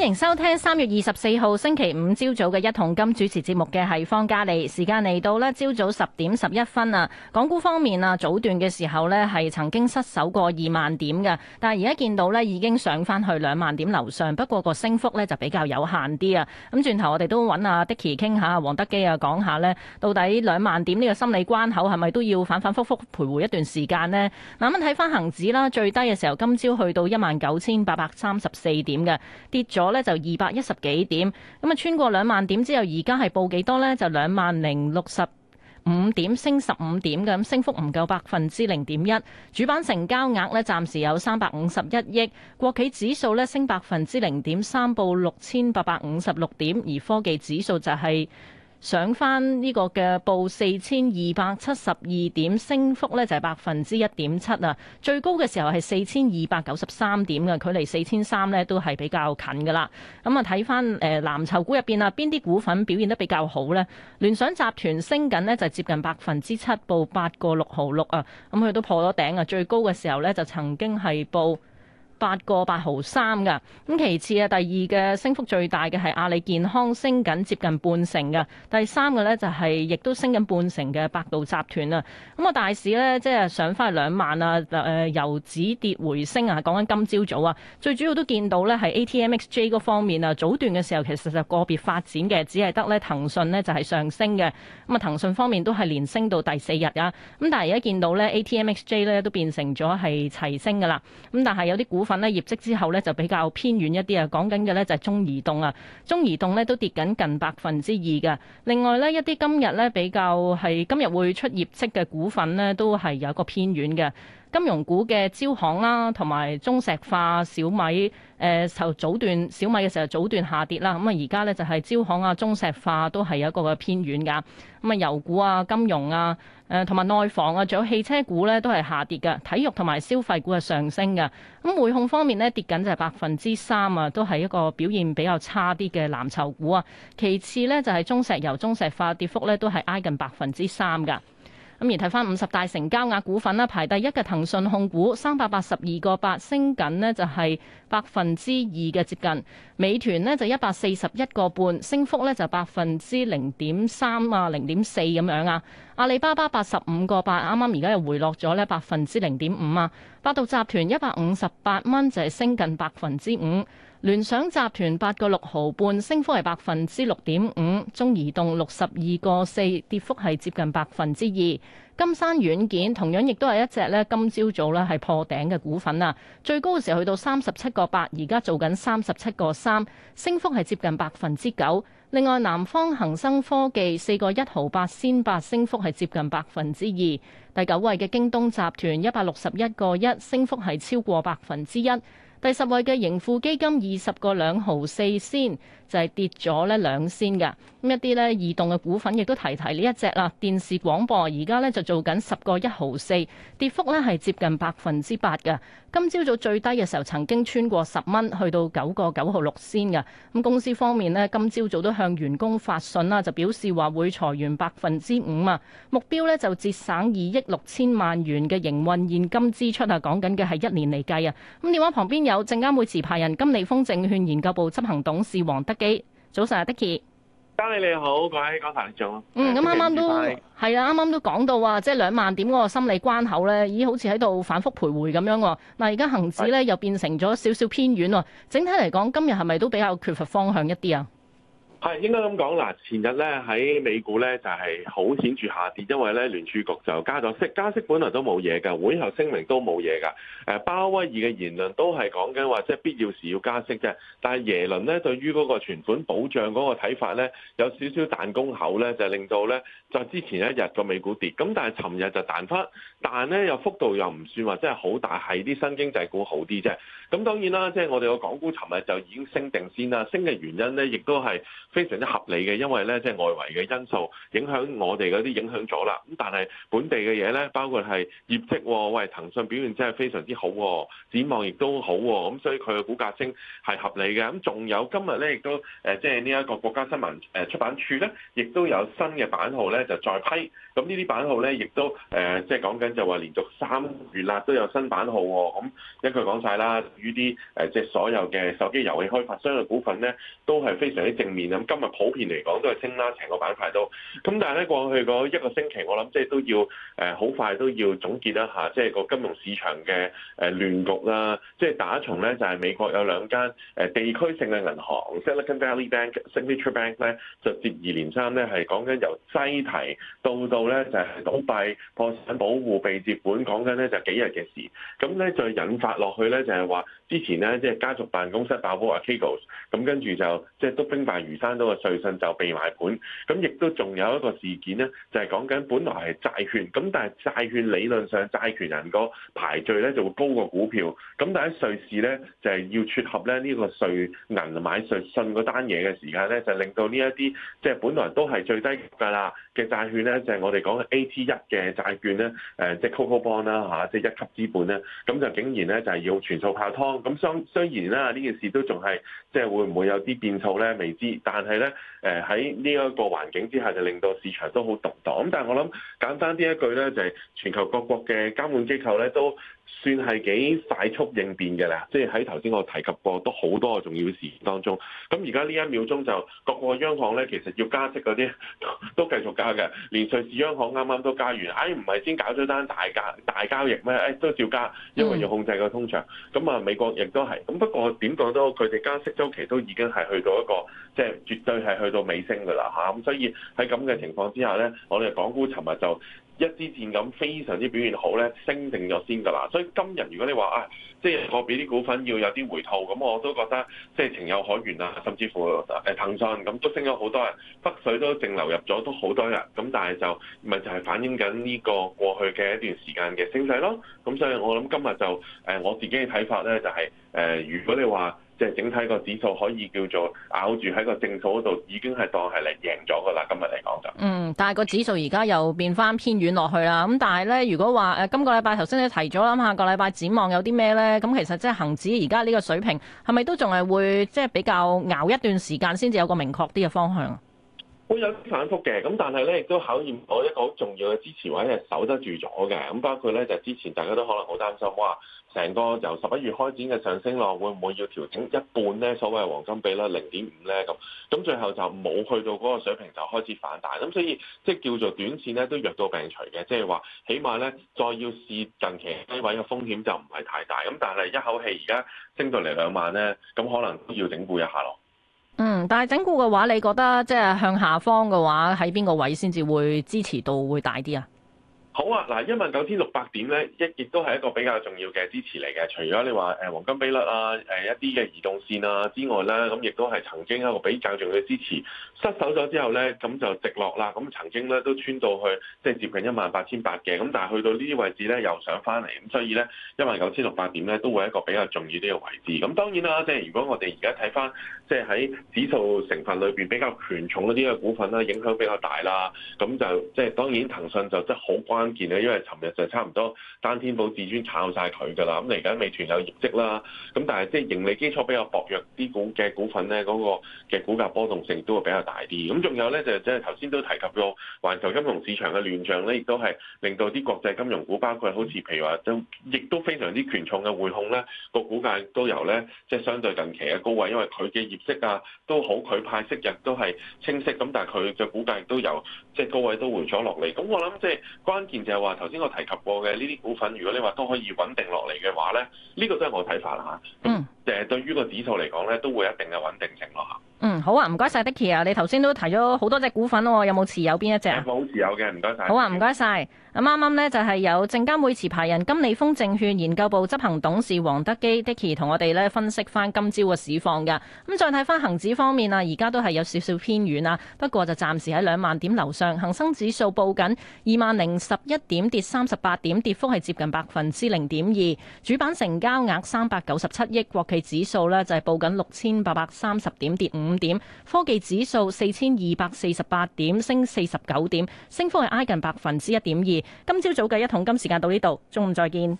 歡迎收聽三月二十四號星期五朝早嘅一桶金主持節目嘅係方嘉莉，時間嚟到咧，朝早十點十一分啊！港股方面啊，早段嘅時候呢係曾經失守過二萬點嘅，但係而家見到呢已經上翻去兩萬點樓上，不過個升幅呢就比較有限啲啊！咁轉頭我哋都揾阿 Dicky 傾下，黃德幾啊，講下呢到底兩萬點呢個心理關口係咪都要反反复覆徘徊一段時間呢？嗱，咁睇翻恒指啦，最低嘅時候今朝去到一萬九千八百三十四點嘅，跌咗。咧就二百一十幾點，咁啊穿過兩萬點之後，而家係報幾多呢？就兩萬零六十五點，升十五點嘅，升幅唔夠百分之零點一。主板成交額咧暫時有三百五十一億，國企指數咧升百分之零點三，報六千八百五十六點，而科技指數就係、是。上翻呢個嘅報四千二百七十二點，升幅呢就係百分之一點七啊！最高嘅時候係四千二百九十三點啊。距離四千三呢都係比較近㗎喇。咁啊，睇翻誒藍籌股入邊啊，邊啲股份表現得比較好呢？聯想集團升緊呢，就接近百分之七，報八個六毫六啊！咁佢都破咗頂啊！最高嘅時候呢，就曾經係報。八個八毫三噶，咁其次啊，第二嘅升幅最大嘅係阿里健康，升緊接近半成嘅。第三個呢，就係、是、亦都升緊半成嘅百度集團啊。咁、嗯、啊，大市呢，即係上翻兩萬啊，誒、呃、由止跌回升啊，講緊今朝早，早啊。最主要都見到呢係 ATMXJ 嗰方面啊，早段嘅時候其實就個別發展嘅，只係得呢騰訊呢就係、是、上升嘅。咁、嗯、啊，騰訊方面都係連升到第四日啊。咁、嗯、但係而家見到呢 ATMXJ 呢都變成咗係齊升嘅啦。咁、嗯、但係有啲股份。份咧，業績之後咧，就比較偏遠一啲啊，講緊嘅咧，就係中移動啊，中移動咧都跌緊近百分之二嘅。另外咧，一啲今日咧比較係今日會出業績嘅股份咧，都係有一個偏遠嘅。金融股嘅招行啦、啊，同埋中石化小、呃、小米，誒，就早段小米嘅時候早段下跌啦，咁啊而家咧就係、是、招行啊、中石化都係有一個嘅偏軟噶，咁、嗯、啊油股啊、金融啊、誒、呃，同埋內房啊，仲有汽車股咧都係下跌嘅，體育同埋消費股係上升嘅，咁、嗯、匯控方面咧跌緊就係百分之三啊，都係一個表現比較差啲嘅藍籌股啊，其次咧就係、是、中石油、中石化跌幅咧都係挨近百分之三噶。咁而睇翻五十大成交額股份啦，排第一嘅騰訊控股三百八十二個八，升緊呢就係百分之二嘅接近；美團呢就一百四十一個半，升幅呢就百分之零點三啊，零點四咁樣啊。阿里巴巴八十五個八，啱啱而家又回落咗呢百分之零點五啊。百度集團一百五十八蚊就係升近百分之五。聯想集團八個六毫半，升幅係百分之六點五。中移動六十二個四，跌幅係接近百分之二。金山軟件同樣亦都係一隻咧，今朝早咧係破頂嘅股份啊！最高嘅時候去到三十七個八，而家做緊三十七個三，升幅係接近百分之九。另外，南方恒生科技四個一毫八先八，升幅係接近百分之二。第九位嘅京東集團一百六十一個一，升幅係超過百分之一。第十位嘅盈富基金二十個兩毫四仙。就係跌咗呢兩仙嘅，咁一啲呢移動嘅股份亦都提提呢一隻啦。電視廣播而、啊、家呢，就做緊十個一毫四，跌幅呢係接近百分之八嘅。今朝早最低嘅時候曾經穿過十蚊，去到九個九毫六仙嘅。咁公司方面呢，今朝早都向員工發信啦、啊，就表示話會裁員百分之五啊，目標呢，就節省二億六千萬元嘅營運現金支出啊。講緊嘅係一年嚟計啊。咁電話旁邊有證監會持牌人，金利豐證券研究部執行董事黃德幾。幾，早晨啊，Dicky，嘉利你好，各位，江華你好。嗯，咁啱啱都係啊，啱啱都講到啊，即係兩萬點嗰個心理關口咧，咦好似喺度反覆徘徊咁樣。嗱，而家恒指咧又變成咗少少偏遠，整體嚟講今日係咪都比較缺乏方向一啲啊？係應該咁講啦，前日咧喺美股咧就係好顯著下跌，因為咧聯儲局就加咗息，加息本來都冇嘢㗎，會後聲明都冇嘢㗎。誒，鮑威爾嘅言論都係講緊話，即係必要時要加息啫。但係耶倫咧對於嗰個存款保障嗰個睇法咧，有少少彈弓口咧，就令到咧就之前一日個美股跌，咁但係尋日就彈翻，但係咧又幅度又唔算話真係好大，係啲新經濟股好啲啫。咁當然啦，即係我哋個港股尋日就已經升定先啦，升嘅原因咧亦都係，非常之合理嘅，因為咧即係外圍嘅因素影響我哋嗰啲影響咗啦。咁但係本地嘅嘢咧，包括係業績，喂騰訊表現真係非常之好，展望亦都好。咁所以佢嘅股價升係合理嘅。咁仲有今日咧，亦都誒即係呢一個國家新聞誒出版處咧，亦都有新嘅版號咧就再批。咁呢啲版號咧，亦都誒即係講緊就話、是、連續三月啦都有新版號，咁一句講晒啦，呢啲誒即係所有嘅手機遊戲開發商嘅股份咧，都係非常之正面啊！今日普遍嚟講都係升啦，成個板塊都。咁但係咧過去嗰一個星期，我諗即係都要誒好快都要總結一下，即係個金融市場嘅誒亂局啦。即係打從咧就係美國有兩間誒地區性嘅銀行 s e l i l e y Bank、i a t Bank） 咧，就接二連三咧係講緊由西堤到到咧就係倒閉、破產、保護被接管，講緊咧就幾日嘅事。咁咧就引發落去咧就係話之前咧即係家族辦公室爆煲 （Cables），咁跟住就即係都兵塊如山。翻到個瑞信就被埋盤，咁亦都仲有一個事件咧，就係講緊本來係債券，咁但係債券理論上債權人個排序咧就會高過股票，咁但係喺瑞士咧就係要撮合咧呢個瑞銀買瑞信嗰單嘢嘅時間咧，就令到呢一啲即係本來都係最低㗎啦。嘅債券咧，就係我哋講嘅 AT1 嘅債券咧，誒，即係 CoCo Bond 啦，嚇，即係一級資本咧，咁就竟然咧就係要全數泡湯。咁雖雖然啦，呢件事都仲係即係會唔會有啲變數咧，未知。但係咧，誒喺呢一個環境之下，就令到市場都好動盪。咁但係我諗簡單啲一,一句咧，就係、是、全球各國嘅監管機構咧都算係幾快速應變嘅啦，即係喺頭先我提及過，都好多個重要事件當中，咁而家呢一秒鐘就各個央行咧，其實要加息嗰啲都繼續加嘅，連瑞士央行啱啱都加完，唉、哎，唔係先搞咗單大價大交易咩？誒、哎、都照加，因為要控制個通脹。咁啊、嗯，美國亦都係，咁不過點講都，佢哋加息周期都已經係去到一個，即係絕對係去到尾聲嘅啦嚇。咁所以喺咁嘅情況之下咧，我哋港股尋日就，一支箭咁非常之表現好呢，升定咗先噶啦。所以今日如果你話啊，即係我俾啲股份要有啲回吐，咁我都覺得即係情有可原啊。甚至乎誒騰訊咁都升咗好多日，北水都淨流入咗都好多日。咁但係就咪就係反映緊呢個過去嘅一段時間嘅升勢咯。咁所以我諗今日就誒我自己嘅睇法呢，就係誒如果你話。即係整體個指數可以叫做咬住喺個正數嗰度，已經係當係嚟贏咗噶啦。今日嚟講就，嗯，但係個指數而家又變返偏遠落去啦。咁但係咧，如果話誒、呃，今個禮拜頭先你提咗啦，下個禮拜展望有啲咩咧？咁其實即係恆指而家呢個水平係咪都仲係會即係、就是、比較捱一段時間先至有個明確啲嘅方向？會有啲反覆嘅，咁但係咧亦都考驗我一個好重要嘅支持位係守得住咗嘅。咁包括咧就是、之前大家都可能好擔心哇。成個由十一月開展嘅上升浪，會唔會要調整一半咧？所謂黃金比咧，零點五咧咁，咁最後就冇去到嗰個水平就開始反彈咁，所以即係叫做短線咧都弱到病除嘅，即係話起碼咧再要試近期低位嘅風險就唔係太大咁，但係一口氣而家升到嚟兩萬咧，咁可能都要整固一下咯。嗯，但係整固嘅話，你覺得即係向下方嘅話，喺邊個位先至會支持度會大啲啊？好啊，嗱，一萬九千六百點咧，一亦都係一個比較重要嘅支持嚟嘅。除咗你話誒黃金比率啊、誒一啲嘅移動線啊之外咧，咁亦都係曾經一個比較重要嘅支持。失守咗之後咧，咁就直落啦。咁曾經咧都穿到去，即係接近一萬八千八嘅。咁但係去到呢啲位置咧，又上翻嚟。咁所以咧，一萬九千六百點咧，都會係一個比較重要啲嘅位置。咁當然啦，即係如果我哋而家睇翻，即係喺指數成分裏邊比較權重嗰啲嘅股份啦，影響比較大啦。咁就即係當然騰訊就即係好關。見咧，因為尋日就差唔多單天保至尊炒晒佢噶啦，咁嚟緊美團有業績啦，咁但係即係盈利基礎比較薄弱啲股嘅股份咧，嗰個嘅股價波動性都會比較大啲。咁仲有咧，就即係頭先都提及過，環球金融市場嘅亂象咧，亦都係令到啲國際金融股，包括好似譬如話都，亦都非常之權重嘅匯控咧，嗰個股價亦都由咧即係相對近期嘅高位，因為佢嘅業績啊都好，佢派息日都係清晰，咁但係佢嘅股價亦都由即係高位都回咗落嚟。咁我諗即係關就係話，頭先我提及過嘅呢啲股份，如果你話都可以穩定落嚟嘅話咧，呢個都係我睇法啦吓嗯。誒對於個指數嚟講呢都會有一定嘅穩定性咯嗯，好啊，唔該晒 Dicky 啊，你頭先都提咗好多隻股份喎、哦，有冇持有邊一隻？冇、嗯、持有嘅，唔該晒。好啊，唔該晒。咁啱啱呢，嗯、剛剛就係有證監會持牌人金利豐證券研究部執行董事黃德幾 Dicky 同我哋呢分析翻今朝嘅市況嘅。咁再睇翻恒指方面啊，而家都係有少少偏遠啊，不過就暫時喺兩萬點樓上。恒生指數報緊二萬零十一點，跌三十八點，跌幅係接近百分之零點二。主板成交額三百九十七億，國企。指數呢就係報緊六千八百三十點，跌五點。科技指數四千二百四十八點，升四十九點，升幅係挨近百分之一點二。今朝早嘅一桶金時間到呢度，中午再見。